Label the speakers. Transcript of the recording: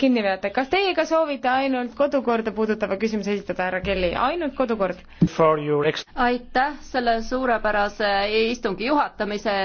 Speaker 1: kinni veate. kas teie ka soovite ainult kodukorda puudutava küsimuse esitada, härra Kelly, ainult kodukord?
Speaker 2: aitäh selle suurepärase istungi juhatamise eest.